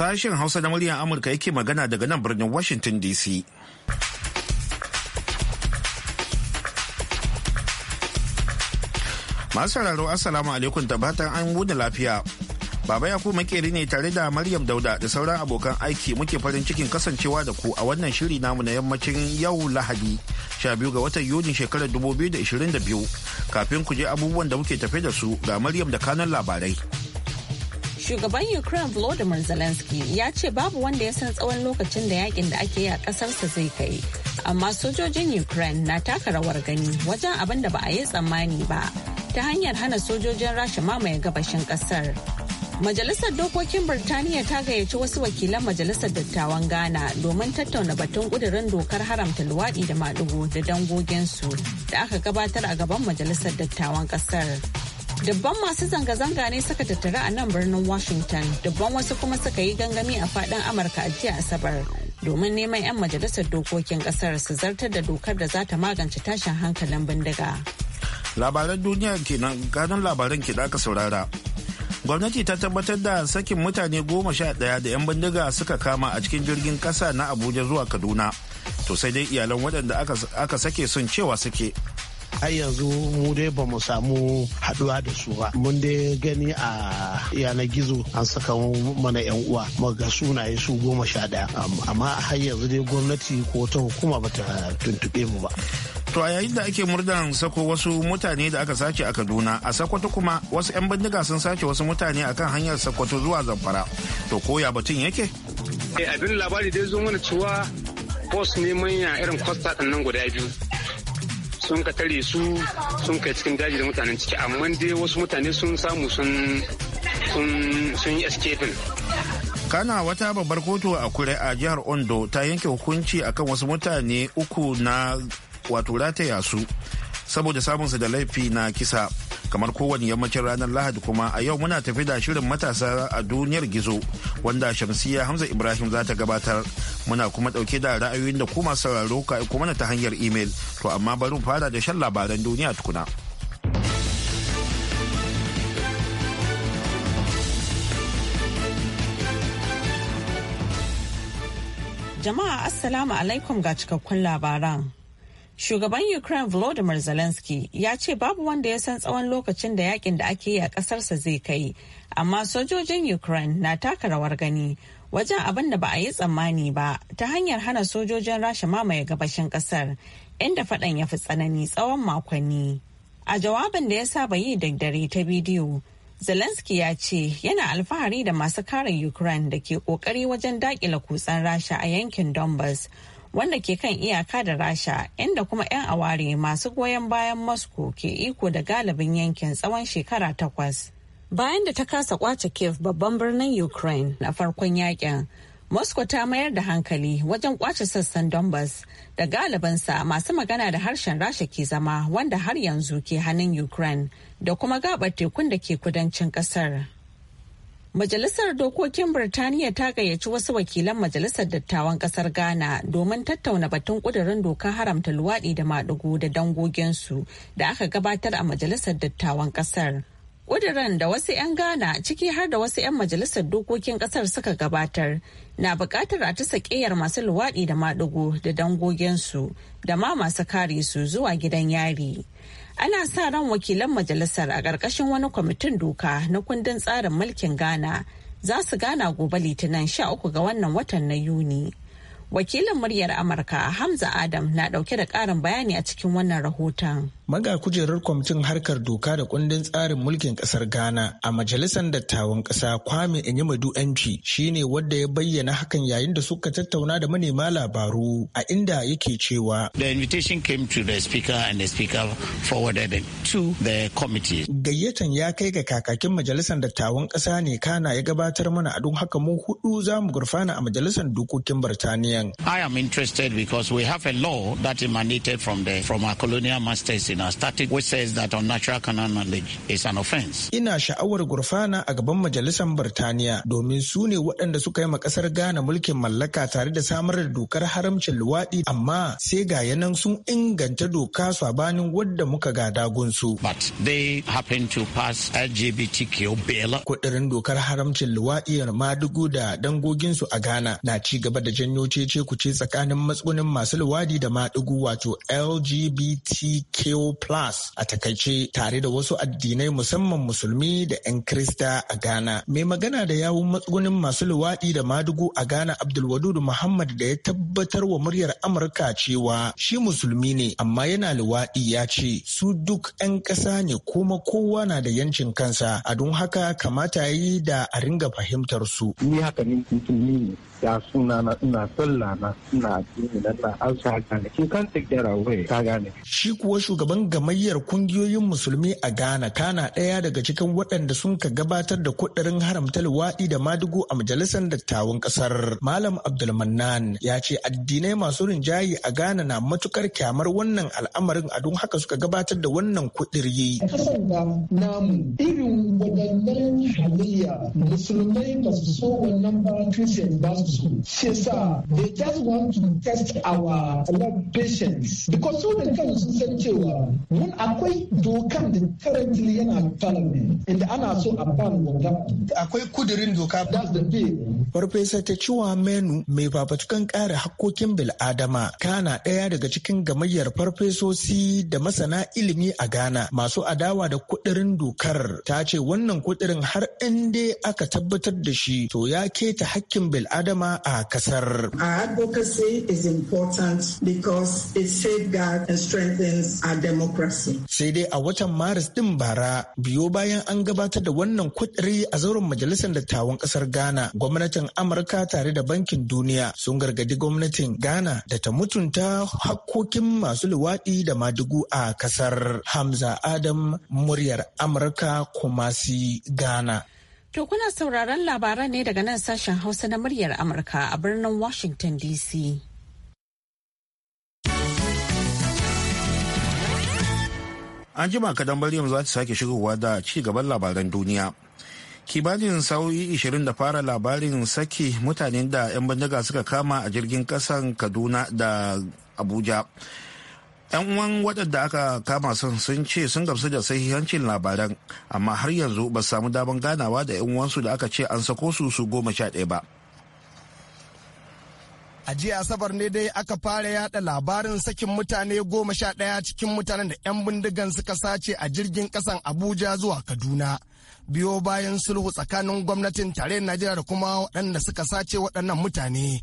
Sashen Hausa na muryar Amurka yake magana daga nan birnin Washington DC. Masu sauraro Assalamu alaikum batan an wuda lafiya. Baba Yakubu makeri ne tare da Maryam Dauda da sauran abokan aiki muke farin cikin kasancewa da ku a wannan shiri namu na yammacin yau Lahadi 12 ga watan Yuni shekarar 2022. Kafin ku je abubuwan da muke tafe da su ga Maryam da kanan labarai. Shugaban Ukraine Volodymyr Zelensky ya ce babu wanda ya san tsawon lokacin da yakin da ake yi a kasarsa zai kai. Amma sojojin Ukraine na taka rawar gani wajen abin da ba a yi tsammani ba ta hanyar hana sojojin Rasha mamaye gabashin kasar. Majalisar Dokokin Birtaniya ta gayyaci wasu wakilan Majalisar Dattawan Ghana domin tattauna batun ƙudurin dokar haramta luwaɗi da maɗigo da su da aka gabatar a gaban Majalisar Dattawan ƙasar. Dubban masu zanga-zanga ne suka tattara a nan birnin Washington, dabban wasu kuma suka yi gangami a fadin Amurka a jiya Asabar. domin neman 'yan majalisar dokokin kasar su zartar da dokar da za ta magance tashin hankalin bindiga. Labaran duniya kenan ganin labaran ke ka saurara. Gwamnati ta tabbatar da sakin mutane goma sha ɗaya da 'yan bindiga suka kama a cikin jirgin kasa na Abuja zuwa Kaduna. To sai dai iyalan waɗanda aka sake sun cewa suke. har yanzu mu dai ba mu samu haduwa da su ba mun dai gani a yanar gizo an saka mana yan uwa ga sunaye su goma sha daya amma har yanzu dai gwamnati ko ta hukuma ba ta tuntube mu ba To a yayin da ake murdan sako wasu mutane da aka sace a Kaduna, a sakwato kuma wasu 'yan bindiga sun sace wasu mutane akan hanyar sakwato zuwa Zamfara. To koya batun yake? Eh, abin labari dai zo mana cewa post ne manya irin kwasta ɗin nan guda biyu. sun ka tare su sun kai cikin daji da mutanen ciki amma dai wasu mutane sun samu sun sun yi escaping kana wata babbar kotu a kure a jihar ondo ta yanke hukunci akan wasu mutane uku na wato rataya su saboda samunsa da laifi na kisa kamar kowane yammacin ranar lahadi kuma a yau muna tafi da shirin matasa a duniyar gizo wanda shamsiya hamza ibrahim za ta gabatar muna kuma dauke da ra'ayoyin da kuma sauraro ka aiko mana ta hanyar imel to amma bari mu fara da shan labaran duniya tukuna jama'a assalamu alaikum ga cikakkun labaran Shugaban Ukraine Volodymyr Zelensky ya ce babu wanda ya san tsawon lokacin da yakin da ake yi a ƙasarsa zai kai, amma sojojin Ukraine na taka rawar gani wajen abin da ba a yi tsammani ba ta hanyar hana sojojin Rasha mamaye gabashin ƙasar, inda faɗan ya fi tsanani tsawon makonni. A jawabin da ya saba yi dare ta bidiyo, Zelensky ya ce yana alfahari da masu kare Ukraine da ke ƙoƙari wajen daƙile kutsen Rasha a yankin Donbass. wanda ke kan iyaka da rasha inda kuma 'yan aware masu goyon bayan moscow ke iko da galibin yankin tsawon shekara takwas bayan da ta kasa kwace kiev babban birnin ukraine na farkon yakin moscow ta mayar da hankali wajen kwace sassan donbass da galibinsa masu magana da harshen rasha ke zama wanda har yanzu ke hannun ukraine da kuma gabar tekun da ke kudancin kasar Majalisar Dokokin Birtaniya ta gayyaci wasu wakilan Majalisar Dattawan Kasar Ghana domin tattauna batun ƙudurin dokar haramta luwaɗi da maɗigo da dangoginsu da aka gabatar a Majalisar Dattawan Kasar. Ƙudurin da wasu 'yan Ghana ciki har da wasu 'yan Majalisar Dokokin Kasar suka gabatar na buƙatar a tasa ƙiyar masu luwaɗi da maɗigo da dangoginsu da ma masu kare su zuwa gidan yari. ana sa ran wakilan majalisar a ƙarƙashin wani kwamitin doka na kundin tsarin mulkin ghana za su gana gobe litinin 13 ga wannan watan na yuni wakilin muryar amurka hamza adam na ɗauke da ƙarin bayani a cikin wannan rahoton maga kujerar kwamitin harkar doka da kundin tsarin mulkin kasar ghana a majalisar dattawan kasa kwame enyimadu NG shine wadda ya bayyana hakan yayin da suka tattauna da manema labaru a inda yake cewa the invitation came to the speaker and the speaker gayyatan ya kai ga kakakin majalisar dattawan kasa ne kana ya gabatar mana a don haka mu hudu za mu gurfana a majalisar dokokin Birtaniyan. i am interested because we have a law that emanated from the from our colonial masters in in our which says that unnatural canon knowledge is an offense. Ina sha'awar gurfana a gaban majalisar Birtaniya domin su ne waɗanda suka yi ma ƙasar Ghana mulkin mallaka tare da samar da dokar haramcin luwaɗi amma sai ga yanan sun inganta doka sabanin wadda muka gada gunsu. But they happen to pass LGBTQ bill. Kudirin dokar haramcin luwaɗi dugu da dangoginsu a Ghana na ci gaba da janyo cece kuce tsakanin matsunin masu luwaɗi da madugu wato LGBTQ Plus a takaice tare da wasu addinai musamman musulmi da 'yan Krista a Ghana. Mai magana da yawun matsugunin masu luwaɗi da madugu a Ghana Abdulwadud Muhammad da ya tabbatar wa muryar Amurka cewa shi musulmi ne amma yana luwaɗi ya ce su duk 'yan ƙasa ne kuma kowa na da yancin kansa a don haka kamata yi da a ringa fahimtar su. Ni haka ne musulmi ne ya suna na ina sallah na ina addini na na an sa gane. Shi kuwa shugaban shugaban gamayyar kungiyoyin musulmi a Ghana kana ɗaya daga cikin waɗanda sun ka gabatar da kuɗarin haramta luwaɗi da madugu a majalisar dattawan ƙasar. Malam Abdulmanan. ya ce addinai masu rinjaye a Ghana na matukar kyamar wannan al'amarin a don haka suka gabatar da wannan kuɗiri. A ƙasar namu irin waɗannan halayya musulmai ba su so wannan ba Christian ba su so. Shi sa they just want to test our love patience because su da kansu sun san cewa mun akwai dokan da currently yana parliament inda ana so a ban akwai kudirin doka that's the bill farfesa ta ciwa menu mai babatukan kare hakkokin bil'adama kana ɗaya daga cikin gamayyar farfesosi da masana ilimi a ghana masu adawa da kudirin dokar ta ce wannan kudirin har in dai aka tabbatar da shi to ya keta hakkin bil'adama a kasar advocacy is important because it safeguards and strengthens our democracy. Sai dai a watan Maris din bara biyo bayan an gabatar da wannan kudiri a zauren majalisar dattawan kasar Ghana gwamnatin Amurka tare da bankin duniya sun gargadi gwamnatin Ghana da ta mutunta hakkokin masu luwaɗi da madugu a kasar Hamza Adam muryar Amurka Kumasi Ghana. To kuna sauraron labaran ne daga nan sashen Hausa na muryar Amurka a birnin Washington DC. an jima kadan Maryam za ta sake shigowa da ci gaban labaran duniya. Kibanin sa'o'i 20 da fara labarin saki mutanen da 'yan bindiga suka kama a jirgin kasan Kaduna da Abuja. 'yan uwan waɗanda aka kama sun sun ce sun gamsu da sahihancin labaran amma har yanzu ba samu daban ganawa da 'yan uwansu da aka ce an sako su su goma sha ɗaya ba. A jiya Asabar ne dai aka fara yada labarin sakin mutane goma sha ɗaya cikin mutanen da 'yan bindigan suka sace a jirgin kasan Abuja zuwa Kaduna. Biyo bayan sulhu tsakanin gwamnatin tarayyar Najeriya da kuma waɗanda suka sace waɗannan mutane.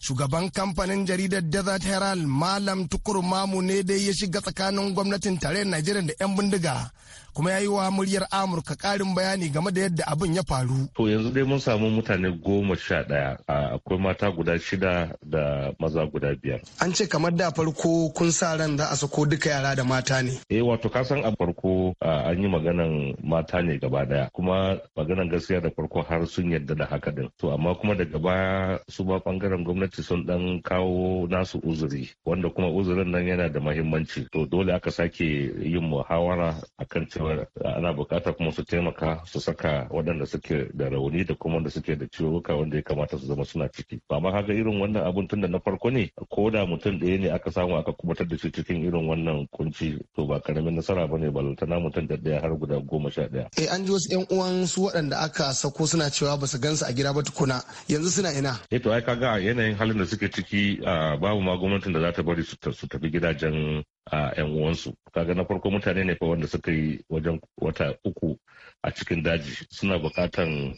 Shugaban kamfanin jaridar Desert Herald Malam Tukur Mamu ne dai ya shiga tsakanin gwamnatin tarayyar Najeriya da 'yan bindiga kuma ya yi wa muryar Amurka karin bayani game da yadda abin ya faru. To yanzu dai mun samu mutane goma sha daya. akwai mata guda shida da maza guda biyar. An ce kamar da farko kun sa ran za a sako duka yara da mata ne. Eh wato ka san a farko an yi maganan mata ne gaba daya kuma maganan gaskiya da farko har sun yarda da haka din. To amma kuma daga baya su ba bangaren gwamnati sun dan kawo nasu uzuri wanda kuma uzurin nan yana da mahimmanci. To dole aka sake yin muhawara akan cewa ana bukata kuma su taimaka su saka waɗanda suke da rauni da kuma wanda suke da ciwuka wanda ya kamata su zama suna ciki ba ma kaga irin wannan abun tun da na farko ne ko da mutum ɗaya ne aka samu aka kubutar da shi cikin irin wannan kunci to ba karamin nasara ba ne na mutum da ɗaya har guda goma sha ɗaya. eh an ji wasu ƴan uwan su waɗanda aka sako suna cewa ba su gansu a gida ba tukuna yanzu suna ina. eh to ai kaga yanayin halin da suke ciki babu ma gwamnatin da za ta bari su tafi gidajen a 'yan uwansu kaga na farko mutane ne fa wanda suka yi wajen wata uku a cikin daji suna buƙatan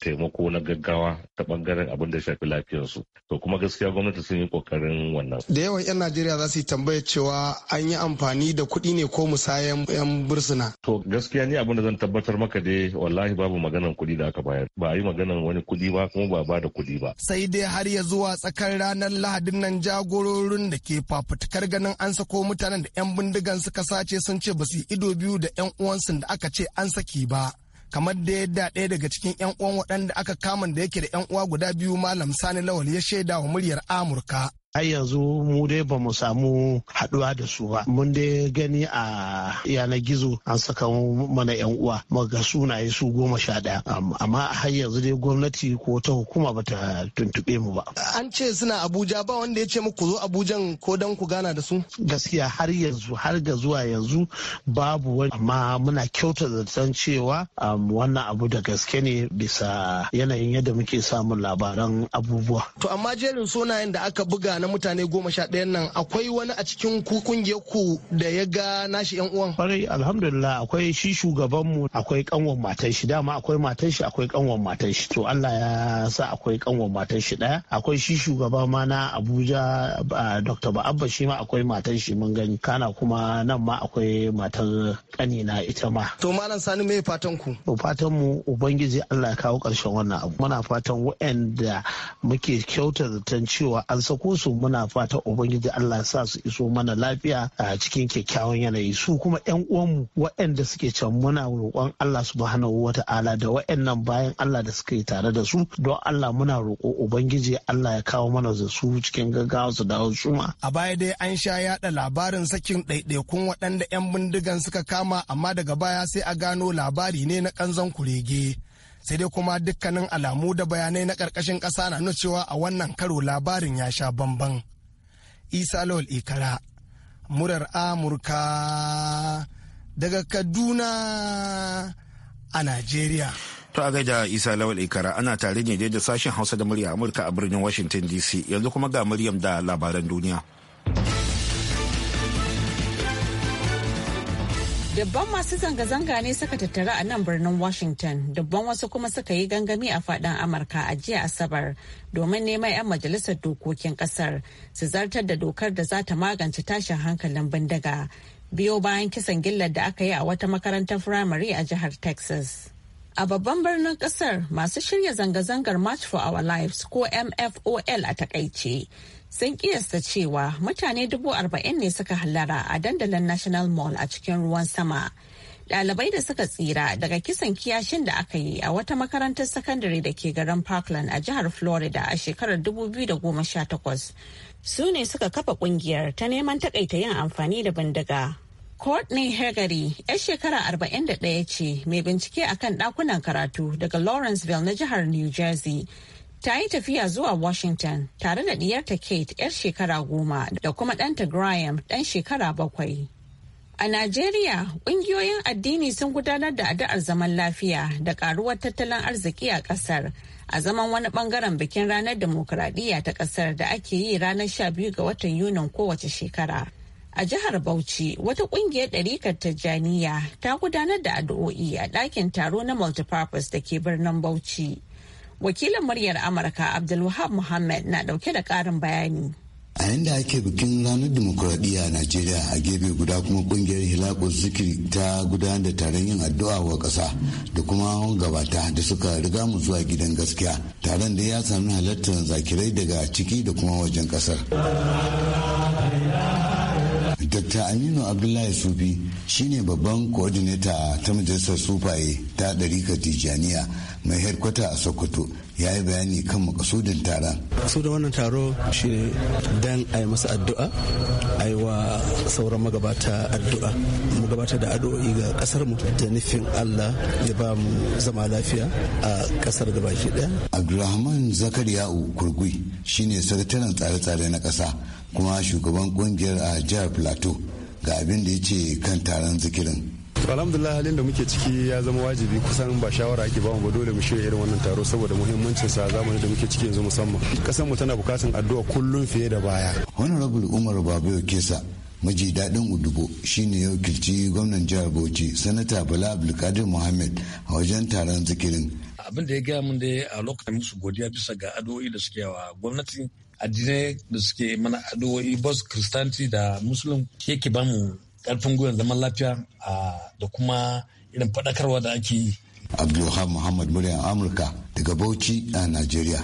taimako na gaggawa ta bangaren abin da shafi lafiyarsu to kuma gaskiya gwamnati sun yi kokarin wannan da yawan 'yan najeriya za su yi tambaya cewa an yi amfani da kuɗi ne ko musayan 'yan bursuna to gaskiya ni abin da zan tabbatar maka dai wallahi babu maganan kuɗi da aka bayar ba a yi maganan wani kuɗi ba kuma ba ba da kuɗi ba sai dai har ya zuwa tsakar ranar lahadin nan jagororin da ke fafutukar ganin an sako mutanen da 'yan bindigan suka sace sun ce ba su ido biyu da 'yan uwansu da aka ce an saki ba kamar da yadda ɗaya daga cikin 'yan uwan waɗanda aka kama da yake da 'yan uwa guda biyu malam sani lawal ya shaida wa muryar amurka har yanzu mu dai ba mu samu haduwa da su ba mun dai gani a yanar gizo an saka mana yan uwa maga sunaye su goma sha ɗaya amma har yanzu dai gwamnati ko ta hukuma ba ta tuntuɓe mu ba. an ce suna abuja ba wanda ya ce muku zo abujan ko dan ku gana da su. gaskiya har yanzu har ga zuwa yanzu babu wani amma muna kyauta zaton cewa wannan abu da gaske ne bisa yanayin yadda muke samun labaran abubuwa. to amma jerin sunayen da aka buga na mutane goma sha ɗayan nan akwai wani a cikin ku kungiyar ku da ya ga nashi yan uwan kwarai alhamdulillah akwai shi shugaban mu akwai kanwan matan shi dama akwai matan shi akwai kanwan matan shi to Allah ya sa akwai kanwan matan shi daya akwai shi shugaba ma na Abuja Dr. Ba'abba shi ma akwai matan shi mun gani kana kuma nan ma akwai matar kanina ita ma to malam Sani me fatan ku fatan mu ubangiji Allah ya kawo karshen wannan abu muna fatan waɗanda muke kyautar zaton cewa an sako su muna fata ubangiji Allah ya sa su iso mana lafiya a cikin kyakkyawan yanayi su kuma yan uwanmu waɗanda suke can muna roƙon Allah subhanahu wata'ala da waɗannan bayan Allah da suka yi tare da su don Allah muna roƙo ubangiji Allah ya kawo mana da su cikin gaggawa su dawo suma a baya dai an sha yada labarin sakin ɗaiɗaikun waɗanda yan bindigan suka kama amma daga baya sai a gano labari ne na ƙanzon kurege sai dai kuma dukkanin alamu da bayanai na ƙarƙashin ƙasa na nuna cewa a wannan karo labarin ya sha bamban isa lawal ikara murar amurka daga kaduna a najeriya to a gaida isa lawal ikara ana tare ne da sashen hausa da murya amurka a birnin washington dc yanzu kuma ga muryam da labaran duniya Dabban masu zanga-zanga ne suka tattara a nan birnin Washington, dabban wasu kuma suka yi gangami a fadin Amurka a jiya Asabar domin neman 'yan majalisar dokokin kasar su zartar da dokar da za ta magance tashin hankalin bindiga. Biyo bayan kisan gillar da aka yi a wata makarantar firamare a jihar Texas. A babban birnin kasar masu shirya zanga-zangar March for Our Lives ko MFOL a takaice sun kiyasta cewa mutane dubu arba'in ne suka halara a dandalin national mall a cikin ruwan sama dalibai da suka tsira daga kisan kiyashin da aka yi a wata makarantar sakandare da ke garin parkland a jihar florida a shekarar 2018 su ne suka kafa kungiyar ta neman takaita yin amfani da bindiga courtney hegari 'yar shekara 41 ce mai bincike akan dakunan karatu daga lawrenceville na jihar new jersey ta yi tafiya zuwa Washington tare da ɗiyarta Kate 'yar shekara goma da kuma ɗanta Graham ɗan shekara bakwai. A Najeriya, ƙungiyoyin addini sun gudanar da addu'ar zaman lafiya da ƙaruwar tattalin arziki a ƙasar a zaman wani ɓangaren bikin ranar demokuraɗiyya ta ƙasar da ake yi ranar sha biyu ga watan Yunin kowace shekara. A jihar Bauchi, wata ƙungiyar ɗarikar Tijjaniya ta gudanar da addu'o'i a ɗakin taro na multipurpose da ke birnin Bauchi. Wakilin muryar Amurka Abdulwahab Muhammad na dauke da karin bayani. a yanda ake bikin ranar dimokuraɗiyya a najeriya a gefe guda kuma kungiyar hilakun zikiri ta gudanar da taron yin addu'a wa ƙasa da kuma gabata da suka riga mu zuwa gidan gaskiya taron da ya sami halartar zakirai daga ciki da kuma wajen ƙasar. Dr. Aminu Abdullahi Sufi shine babban coordinator ta majalisar sufaye ta ɗarika Tijjaniya mai headkwata a Sokoto ya yi bayani kan makasudin taron. Makasudin wannan taro ne dan a yi masa addu'a, a yi wa sauran magabata addu'a. Mu gabatar da addu'o'i ga kasar mu da nufin Allah ya ba mu zama lafiya a kasar baki ɗaya. Abdulrahman Zakariya'u Kurgui shine sakataren tsare-tsare na ƙasa. kuma shugaban kungiyar a jihar plateau ga abin da ya ce kan taron zikirin alhamdulillah halin da muke ciki ya zama wajibi kusan ba shawara ake bamu ba dole mu shirya irin wannan taro saboda muhimmancin sa zamani da muke ciki yanzu musamman kasan mu tana bukatun addu'a kullum fiye da baya honorable umar babu kesa maji daɗin udubo shine ya wakilci gwamnan jihar bauchi sanata bala abdulkadir muhammad a wajen taron zikirin abin da ya gaya mun dai a lokacin musu godiya bisa ga addu'o'i da suke wa gwamnati addinai da suke mana addu'o'i bas kristanti da muslim yake ba mu karfin gwiwar zaman lafiya da kuma irin faɗakarwa da ake yi Abdulham muhammad muryan amurka daga bauchi a Najeriya.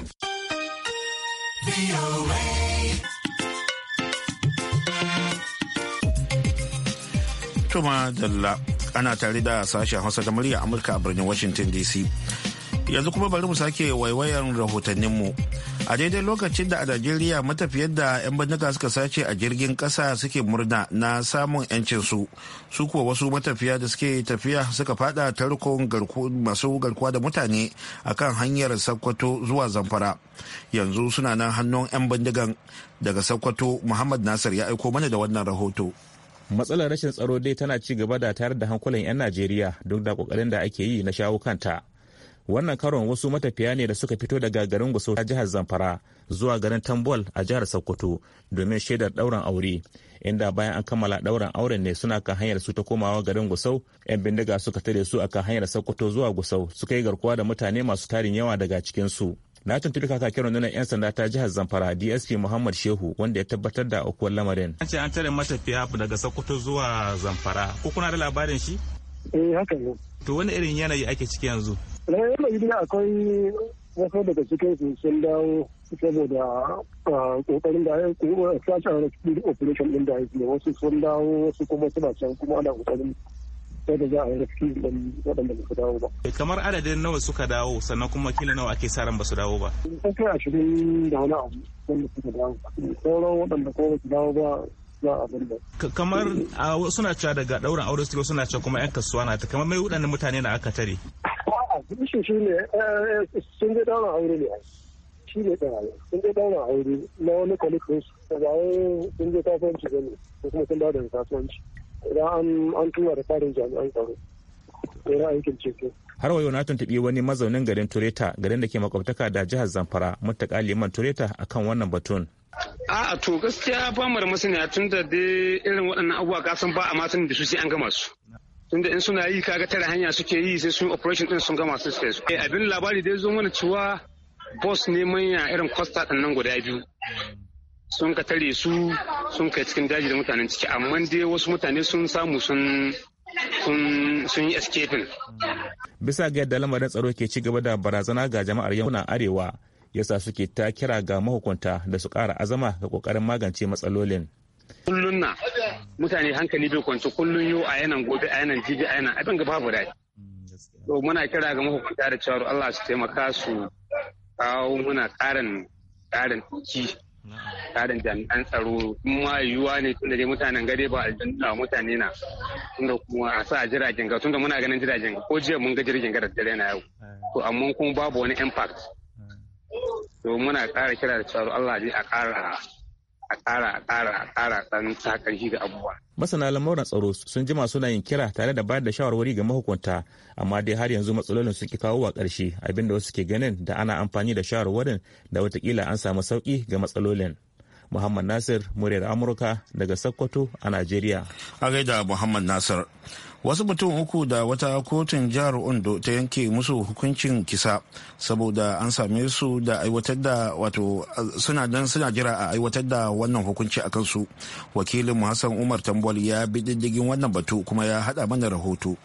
Tuma Dalla ana tare da sashen Hausa da murya Amurka a birnin Washington DC. yanzu kuma bari mu sake waiwayan rahotanninmu a daidai lokacin da a najeriya matafiyar da 'yan bindiga suka sace a jirgin kasa suke murna na samun 'yancin su su kuwa wasu matafiya da suke tafiya suka fada tarkon masu garkuwa da mutane akan hanyar sakkwato zuwa zamfara yanzu suna nan hannun 'yan bindigan daga sakkwato muhammad nasir ya aiko mana da wannan rahoto matsalar rashin tsaro dai tana ci gaba da tayar da hankulan 'yan najeriya duk da kokarin da ake yi na shawo kanta wannan karon wasu matafiya ne da suka fito daga garin gusau ta jihar zamfara zuwa garin tambol a jihar sokoto domin shaidar ɗaurin aure inda bayan an kammala ɗaurin auren ne suna kan hanyar su ta komawa garin gusau yan bindiga suka tare su akan hanyar sokoto zuwa gusau suka yi garkuwa da mutane masu tarin yawa daga cikin su na tuntuɓi kakakin rundunar 'yan sanda ta jihar zamfara dsp muhammad shehu wanda ya tabbatar da aukuwar lamarin an ce an tare matafiya daga sokoto zuwa zamfara ko kuna da labarin shi eh haka ne to wani irin yanayi ake ciki yanzu na yi gida akwai wasu daga cikin su sun dawo saboda kokarin ah, da ya kuma sashen rescue operation din da ya ne wasu sun dawo wasu kuma suna can kuma ana kokarin yadda za a yi rescue din waɗanda ba su dawo ba. Eh, kamar adadin nawa suka dawo sannan kuma kila nawa ake sa ran ba su dawo ba. sun kai ashirin da wani abu wanda suka dawo sauran waɗanda ko ba su dawo ba kamar ah, suna cewa daga ɗaurin aure suke suna cewa kuma yan kasuwa na ta kamar mai waɗannan mutane na aka tare ishin shi ne eh, sun zai daura aure ne shi ne ɗaya sun zai daura aure na wani kwalitin su ba wai sun zai kasuwanci ba ne ko kuma sun bada kasuwanci idan an tura da farin jami'an tsaro idan aikin ceto har wayo na tuntuɓi wani mazaunin garin tureta garin da ke makwabtaka da jihar zamfara mutaka liman tureta akan wannan batun A'a to gaskiya ba mu da tun da dai irin waɗannan abubuwa kasan ba a matan da su sai an gama su. tunda in suna yi kaga tare hanya suke yi sai sun operation din sun gama su sai eh, abin labari dai zo mana cewa boss ne manya irin kwasta din nan guda biyu sun ka tare su sun kai cikin daji da mutanen ciki amma dai wasu mutane sun samu sun sun yi escaping. Bisa ga yadda lamarin tsaro ke ci gaba da barazana ga jama'ar yankunan arewa yasa suke ta kira ga mahukunta da su kara azama ga kokarin magance matsalolin. kullun na mutane hankali bai kwanci kullun yau a yanan gobe a yanan jibi a yanan abin ga babu dai to muna kira ga mahukunta da cewa Allah su taimaka su kawo muna karin karin ki karin jami'an tsaro kuma yiwuwa ne tunda dai mutanen gare ba aljanna mutane na tunda kuma a sa jiragen ga tunda muna ganin jiragen ko jiya mun ga jirgin ga daddare na yau to amma kuma babu wani impact to muna ƙara kira da cewa Allah ji a ƙara a tsara a tsara a dan sa shi ga abubuwa. Masana lamuran tsaro sun jima suna yin kira tare da bayar da shawarwari ga mahukunta amma dai har yanzu matsalolin suke kawo wa ƙarshe abinda wasu ke ganin da ana amfani da shawarwarin da watakila an samu sauki ga matsalolin. Muhammad Nasir, muryar Amurka daga Sokoto a Najeriya. A gaida Muhammad Nasir. wasu mutum uku da wata kotun jihar ondo ta yanke musu hukuncin kisa saboda an same su da aiwatar da wato suna dan suna jira a aiwatar da wannan hukunci a kansu wakilin hassan umar tambol ya bi diddigin wannan batu kuma ya hada mana rahoto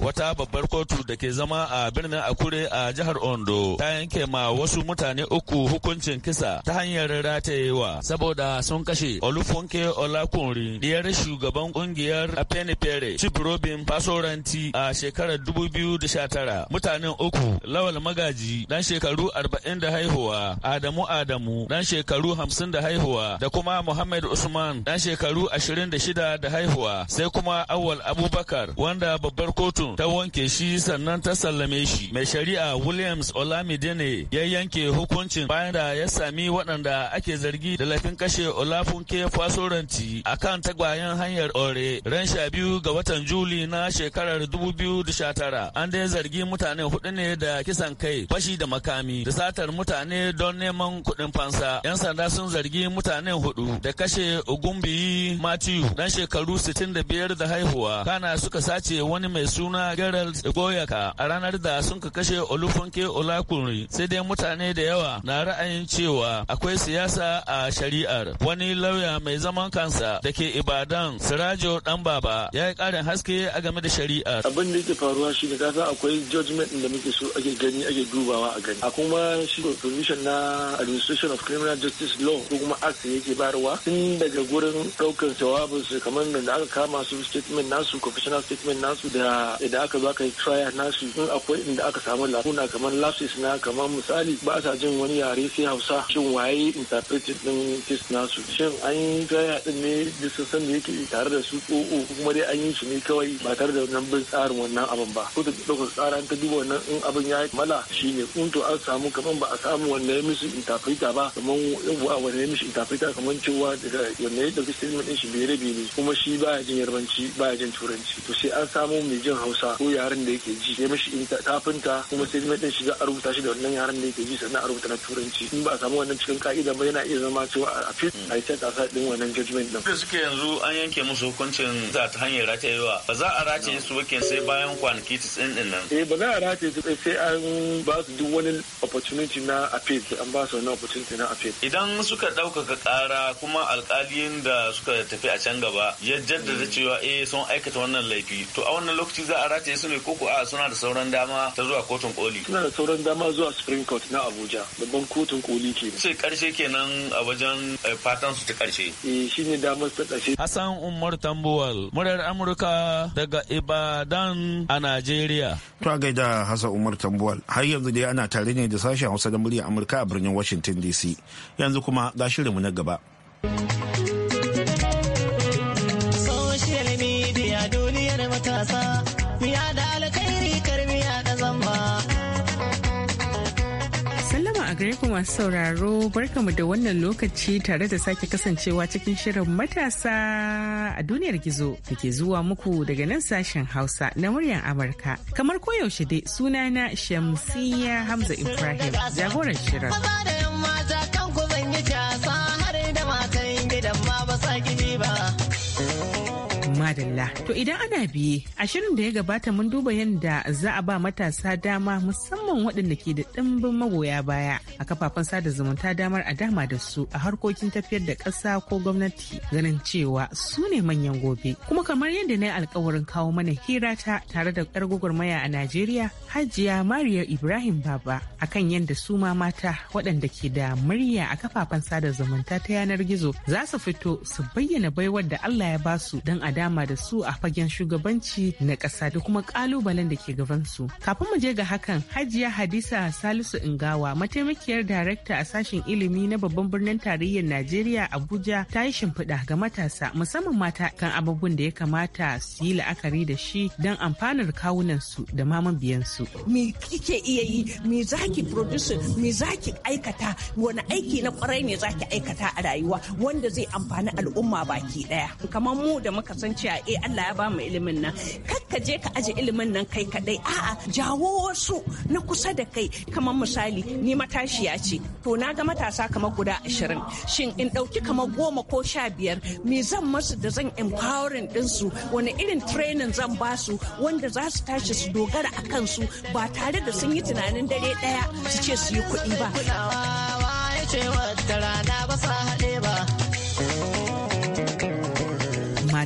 wata babbar kotu da ke zama a birnin akure a jihar ondo ta yanke ma wasu mutane uku hukuncin kisa ta hanyar ratayewa saboda sun kashe olufunke olakunri diyar shugaban kungiyar afenifere chibrobin fasoranti a shekarar 2019 mutanen uku lawal magaji dan shekaru 40 da haihuwa adamu adamu dan shekaru 50 da haihuwa da kuma muhammad usman dan shekaru 26 da haihuwa sai kuma awal abubakar wanda babbar kotu ta wanke shi sannan ta sallame shi. Mai shari'a Williams Olamide ne ya yanke hukuncin bayan da ya sami waɗanda ake zargi da laifin kashe Olafunke Fasoranti kan tagwayen hanyar Ore ran sha biyu ga watan Juli na shekarar 2019. An dai zargi mutane hudu ne da kisan kai, fashi da makami, da satar mutane don neman kuɗin fansa. 'Yan sanda sun zargi mutane hudu da kashe Ogumbiyi Matthew dan shekaru 65 da haihuwa. Kana suka sace wani mai suna suna Gerald Goyaka a ranar da sun ka kashe Olufunke Olakunri sai dai mutane da yawa na ra'ayin cewa akwai siyasa a shari'ar. Wani lauya mai zaman kansa da ke Ibadan Sirajo Danbaba ya yi karin haske a game da shari'ar. Abin da yake faruwa shi ne kasa akwai judgment da muke so ake gani ake dubawa a gani. A kuma shi commission na Administration of Criminal Justice Law ko kuma Act yake bayarwa tun daga gurin ɗaukar jawabinsu kamar da aka kama su statement nasu professional statement nasu da idan aka zo aka yi trial nasu in akwai inda aka samu lafuna kamar lapsis na kamar misali ba sa jin wani yare sai hausa shin waye interpreted din test nasu shin an yi trial din ne bisa san da yake tare da su ko kuma dai an yi shi ne kawai ba tare da wannan bin tsarin wannan abin ba ko da ɗaukar tsara ta duba wannan in abin ya yi mala shi ne in to an samu kamar ba a samu wanda ya musu interpreter ba kamar wanda ya musu interpreter kamar cewa daga wanda ya dauki statement din shi bere bere kuma shi baya jin yarbanci baya jin turanci to sai an samu mai jin hausa hausa ko yaren da yake ji ya mishi ta tafinta kuma sai mai shi za a rubuta shi da wannan yaren da yake ji sannan a rubuta na turanci in ba a samu wannan cikin ka'ida ba yana iya zama cewa a fit a yi kasa din wannan judgment din da suke yanzu an yanke musu hukuncin za ta hanyar ratayewa ba za a rataye su bakin sai bayan kwanaki tsin din nan eh ba za a rataye su sai an ba su duk wani opportunity na appeal an ba su wani opportunity na appeal idan suka ɗaukaka ƙara kuma alƙalin da suka tafi a can gaba ya jaddada cewa eh sun aikata wannan laifi to a wannan lokaci za a ce su ne koko a suna da sauran dama ta zuwa kotun koli suna da sauran dama zuwa supreme court na abuja babban kotun koli ke sai karshe kenan a wajen eh, fatan su ta karshe eh shine damar ta karshe hassan umar tambuwal murar amurka daga ibadan a najeriya to a gaida hassan umar tambuwal har yanzu dai ana tare ne da sashen hausa da murya amurka a birnin washington dc yanzu kuma ga shirinmu na gaba masu sauraro barkamu da wannan lokaci tare da sake kasancewa cikin shirin matasa a duniyar gizo da ke zuwa muku daga nan sashen Hausa na muryar Amurka. Kamar koyaushe dai suna na Shamsiyya Hamza Ibrahim jagoran shirin. da gidan ma gini ba. madalla. To idan ana biye, a shirin da ya gabata mun duba yadda za a ba matasa dama musamman waɗanda ke da ɗimbin magoya baya a kafafen sada zumunta damar a dama da su a harkokin tafiyar da ƙasa ko gwamnati ganin cewa su ne manyan gobe. Kuma kamar yadda na yi alkawarin kawo mana hira ta tare da ƙar gwagwarmaya a Najeriya, Hajiya Mariya Ibrahim Baba akan yadda su ma mata waɗanda ke da murya a kafafen sada zumunta ta yanar gizo za su fito su bayyana baiwar da Allah ya basu don a dama dama da su a fagen shugabanci na ƙasa da kuma ƙalubalen da ke gabansu. Kafin mu je ga hakan, Hajiya Hadisa Salisu Ingawa, mataimakiyar darakta a sashen ilimi na babban birnin tarayyar Najeriya Abuja ta yi shimfiɗa ga matasa musamman mata kan abubuwan da ya kamata su yi la'akari da shi don amfanar kawunansu da biyan su. Me kike iya yi, me ki produce, me ki aikata, wani aiki na kwarai ne ki aikata a rayuwa wanda zai amfani al'umma baki ɗaya. Kamar mu da muka san cewa eh Allah ya ba mu ilimin nan kakka je ka aje ilimin nan kai kadai a'a jawo wasu na kusa da kai kamar misali ni matashiya ce to na ga matasa kamar guda ashirin shin in dauki kamar goma ko sha biyar me zan masu da zan empowering su wani irin training zan ba su wanda za su tashi su dogara a kansu ba tare da sun yi tunanin dare daya su ce su yi kuɗi ba. Kulawa ce wata rana ba sa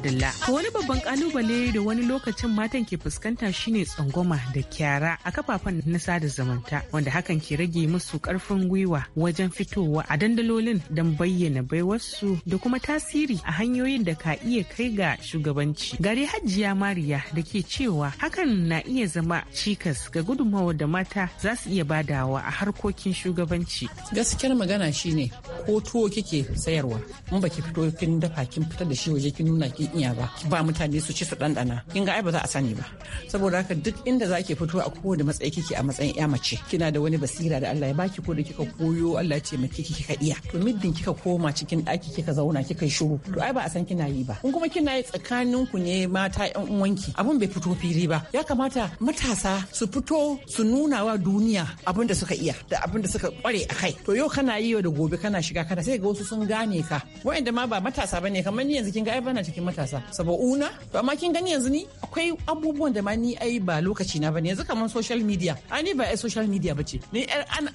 madalla. To wani babban kalubale da wani lokacin matan ke fuskanta shine tsangwama da kyara a kafafen na sada zumunta wanda hakan ke rage musu karfin gwiwa wajen fitowa a dandalolin don bayyana baiwarsu da kuma tasiri a hanyoyin da ka iya kai ga shugabanci. Gare Hajiya Mariya da ke cewa hakan na iya zama cikas ga gudunmawar da mata za su iya badawa a harkokin shugabanci. Gaskiyar magana shine ko tuwo kike sayarwa in baki fito kin dafa kin fitar da shi waje kin nuna ki ban ba ba mutane su ci su ɗanɗana kin ga ai ba za a sani ba saboda haka duk inda zaki fito a kowane matsayi kike a matsayin ya mace kina da wani basira da Allah ya baki ko da kika koyo Allah ya ce maki kika iya to middin kika koma cikin ɗaki kika zauna kika yi shiru to ai ba a san kina yi ba in kuma kina yi tsakanin ku ne mata yan uwanki abun bai fito fili ba ya kamata matasa su fito su nuna wa duniya abin da suka iya da abin da suka kware a kai to yau kana yi da gobe kana shiga kana sai ga wasu sun gane ka wa'anda ma ba matasa bane kamar ni yanzu kin ga ai bana cikin matasa matasa saboda una to amma kin gani yanzu ni akwai abubuwan da ma ni ai ba lokaci na bane yanzu kaman social media ani ba ai social media bace ni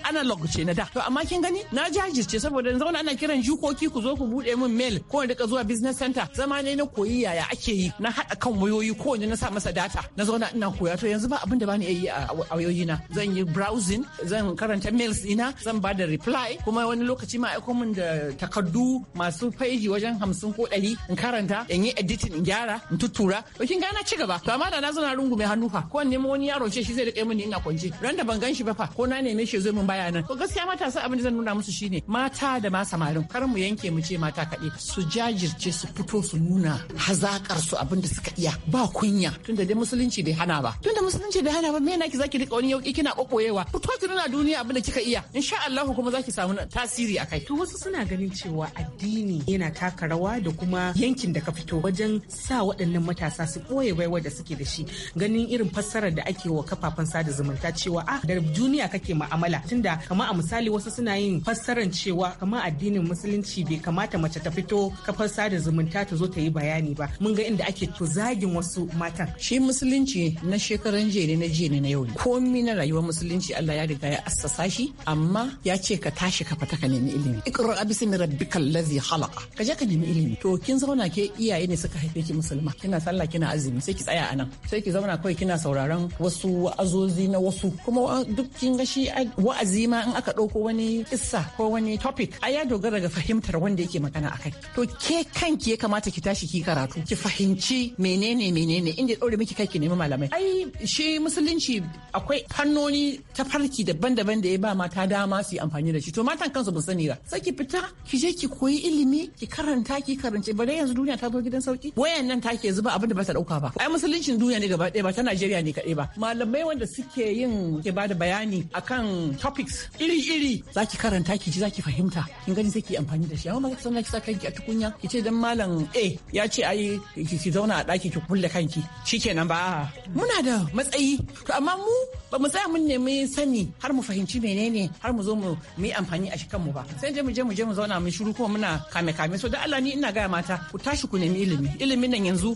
analog ce na da to amma kin gani na jajirce saboda yanzu ana kiran jukoki ku zo ku bude min mail ko in rika zuwa business center zama ne na koyi yaya ake yi na hada kan wayoyi ko na sa masa data na zauna ina koya to yanzu ba abin da bani yi a wayoyi na zan yi browsing zan karanta mails ina zan ba da reply kuma wani lokaci ma aiko min da takardu masu faiji wajen hamsin ko ɗari in karanta in yi Editin in gyara in tuttura to kin gana ci gaba to amma da na zo na rungume hannu fa ko nemi wani yaro ce shi zai rike mini ina kwance Randa ban gan shi ba fa ko na neme shi zai mun baya nan to gaskiya matasa abin da zan nuna musu shine mata da ma samarin kar mu yanke mu ce mata kaɗai su jajirce su fito su nuna hazakar su abin da suka iya ba kunya tunda dai musulunci bai hana ba tunda musulunci bai hana ba me yana ki zaki rika wani yauki kina kokoyewa fito ki nuna duniya abin da kika iya insha Allah kuma zaki samu tasiri akai to wasu suna ganin cewa addini yana taka rawa da kuma yankin da ka fito wajen sa waɗannan matasa su ɓoye baiwar da suke da shi ganin irin fassarar da ake wa kafafen sada zumunta cewa a ah, da duniya kake ma'amala tunda kama a misali wasu suna yin fassarar cewa kama addinin musulunci bai kamata mace ta fito kafar sada zumunta ta zo ta yi bayani ba mun ga inda ake to zagin wasu matan shi musulunci na shekaran jiya ne na jiya na yau komi na rayuwar musulunci Allah ya riga ya assasa shi amma ya ce ka tashi ka fata ka nemi ilimi iqra bismi rabbikal ladhi khalaqa ka je ka nemi ilimi to kin zauna ke iyaye iyaye ne suka haife ki musulma kina sallah kina azumi sai ki tsaya anan sai ki zauna kawai kina sauraron wasu wa'azozi na wasu kuma duk kin ga shi wa'azi ma in aka ɗauko wani kissa ko wani topic a ya dogara ga fahimtar wanda yake magana akai to ke kanki ya kamata ki tashi ki karatu ki fahimci menene menene inda ɗaure miki kai ki nemi malamai ai shi musulunci akwai fannoni ta farki daban-daban da ya ba mata dama su yi amfani da shi to matan kansu ba sani ba sai ki fita ki je ki koyi ilimi ki karanta ki karance bare yanzu duniya ta zo cikin sauki wayan nan take zuba abin da ba ta dauka ba ai musuluncin duniya ne gaba ɗaya ba ta Najeriya ne kaɗai ba malamai wanda suke yin ke ba da bayani akan topics iri-iri zaki karanta ki ji zaki fahimta kin gani sai ki amfani da shi amma ba ki sa kanki a tukunya ki ce dan malam A ya ce ai ki zauna a daki ki kulle kanki shikenan ba muna da matsayi to amma mu ba mu tsaya mun nemi sani har mu fahimci menene har mu zo mu yi amfani a shi kanmu ba sai je mu je mu je mu zauna mu shiru kuma muna kame kame so da Allah ni ina gaya mata ku tashi ku nemi ilimi ilimin nan yanzu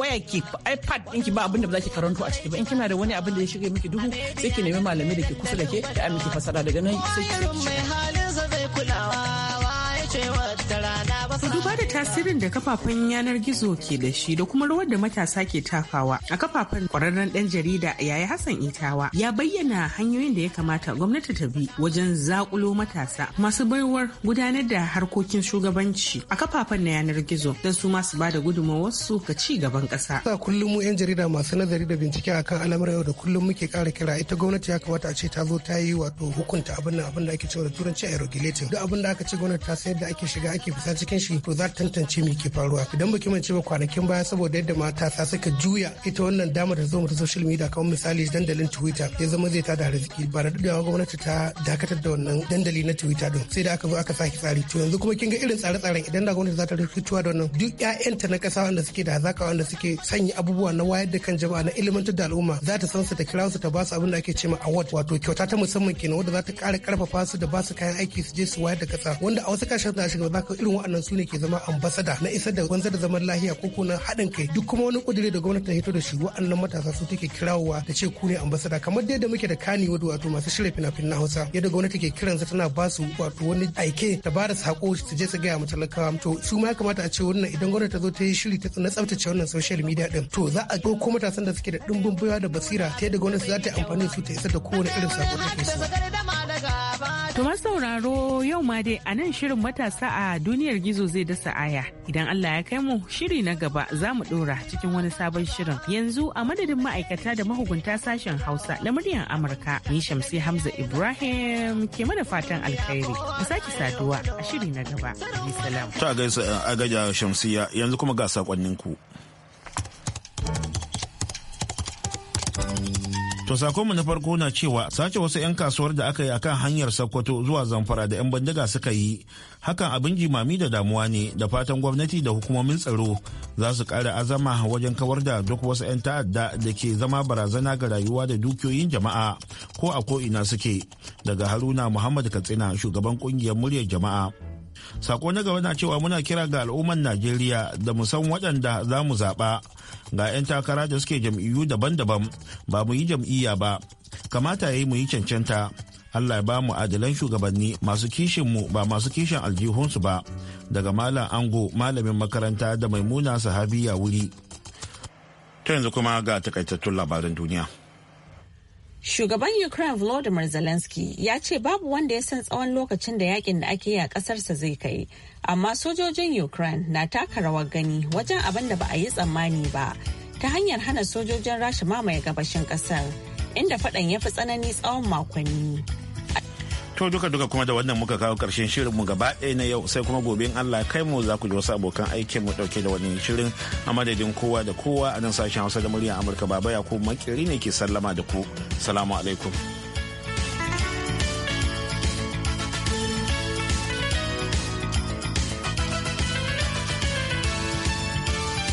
waya ki ipad ki ba abin da ba za ki karanto a ciki ba in kina da wani abin da ya shige miki duhu sai ki nemi malami da ke kusa da ke da amince fasara daga nan sai ki shiga Duba da tasirin da kafafen yanar gizo ke da shi da kuma rawar da matasa ke takawa a kafafen ƙwararren ɗan jarida yayi Hassan Itawa ya bayyana hanyoyin da ya kamata gwamnati ta bi wajen zakulo matasa masu baiwar gudanar da harkokin shugabanci a kafafen na yanar gizo don su masu ba da su ga ci gaban kasa a kullum mu 'yan jarida masu nazari da bincike akan alamar yau da kullum muke ƙara kira ita gwamnati ya kamata a ce ta zo ta yi wato hukunta abin nan abin da ake cewa da turanci a regulating duk abin da aka ce gwamnati ta sayar da ake shiga ake fita cikin shi gwamnati to za ta tantance me ke faruwa idan baki mance ba kwanakin baya saboda yadda matasa suka juya ita wannan damar da zo mu ta social media kamar misali dandalin twitter ya zama zai tada arziki ba da daɗewa gwamnati ta dakatar da wannan dandali na twitter din sai da aka zo aka sake tsari to yanzu kuma kin ga irin tsare-tsaren idan da gwamnati za ta tuwa da wannan duk ƴaƴanta na ƙasa wanda suke da hazaka wanda suke sanya abubuwa na wayar da kan jama'a na ilimantar da al'umma za ta san su ta kira su ta ba su abin da ake cewa award wato kyauta ta musamman kenan wanda za ta ƙara ƙarfafa su da ba su kayan aiki su je su wayar da ƙasa wanda a wasu ƙasashen da shiga za ka irin waɗannan su ne Najeriya ke zama ambasada na isar da wanzar da zaman lahiya ko kuna haɗin kai duk kuma wani kudiri da gwamnati ta hito da shi wa'annan matasa su take kirawowa da ce ku ne ambasada kamar dai da muke da kani wato masu shirya fina-finan Hausa yadda gwamnati ke kiran kiransa tana ba su wato wani aike ta ba da sako su je su gaya ma talakawa to su ma ya kamata a ce wannan idan gwamnati ta zo ta yi shiri ta na tsaftace wannan social media din to za a ko matasan da suke da ɗumbin baiwa da basira ta yadda gwamnati za ta yi amfani su ta isar da kowane irin sako ta so. Tuma sauraro yau ma dai a nan shirin matasa a duniyar gizo zai dasa aya. Idan Allah ya kai mu shiri na gaba za mu ɗora cikin wani sabon shirin. Yanzu a madadin ma'aikata da mahukunta sashen Hausa na muryar Amurka ni Shamsi Hamza Ibrahim ke mana fatan alkhairi. Mu sake saduwa a shiri na gaba. Ta gaisa a gaja Shamsiya yanzu kuma ga sakonninku. ku. To sakonmu na farko na cewa sace wasu 'yan kasuwar da aka yi a kan hanyar Sokoto zuwa Zamfara da 'yan bandiga suka yi. Hakan abin jimami da damuwa ne da fatan gwamnati da hukumomin tsaro za su ƙara azama wajen kawar da duk wasu 'yan ta'adda da ke zama barazana ga rayuwa da dukiyoyin jama'a ko a ko'ina suke. Daga Haruna Muhammad Katsina shugaban ƙungiyar muryar jama'a. sako na gaba na cewa muna kira ga al'ummar najeriya da mu san waɗanda za mu zaɓa ga 'yan takara da suke jam'iyyu daban-daban ba mu yi jam'iyya ba kamata ya yi mu yi cancanta allah ya ba mu adilan shugabanni masu kishin mu ba masu kishin aljihunsu ba daga malam ango malamin makaranta da maimuna sahabiya wuri ta yanzu kuma ga takaitattun labaran duniya Shugaban Ukraine Volodymyr Zelensky ya ce babu wanda ya san tsawon lokacin da yakin da ake yi a ƙasarsa zai kai, amma sojojin Ukraine na taka rawar gani wajen abin da ba a yi tsammani ba ta hanyar hana sojojin Rasha mamaye gabashin ƙasar, inda faɗan ya fi tsanani tsawon makonni. to duka duka kuma da wannan muka kawo karshen shirinmu gaba ɗaya na yau sai kuma gobe Allah kai mu za ku ji wasu abokan aikin mu ɗauke da wannan shirin a madadin kowa da kowa a nan sashen Hausa da muryar Amurka baba ya ko makiri ne ke sallama da ku salamu alaikum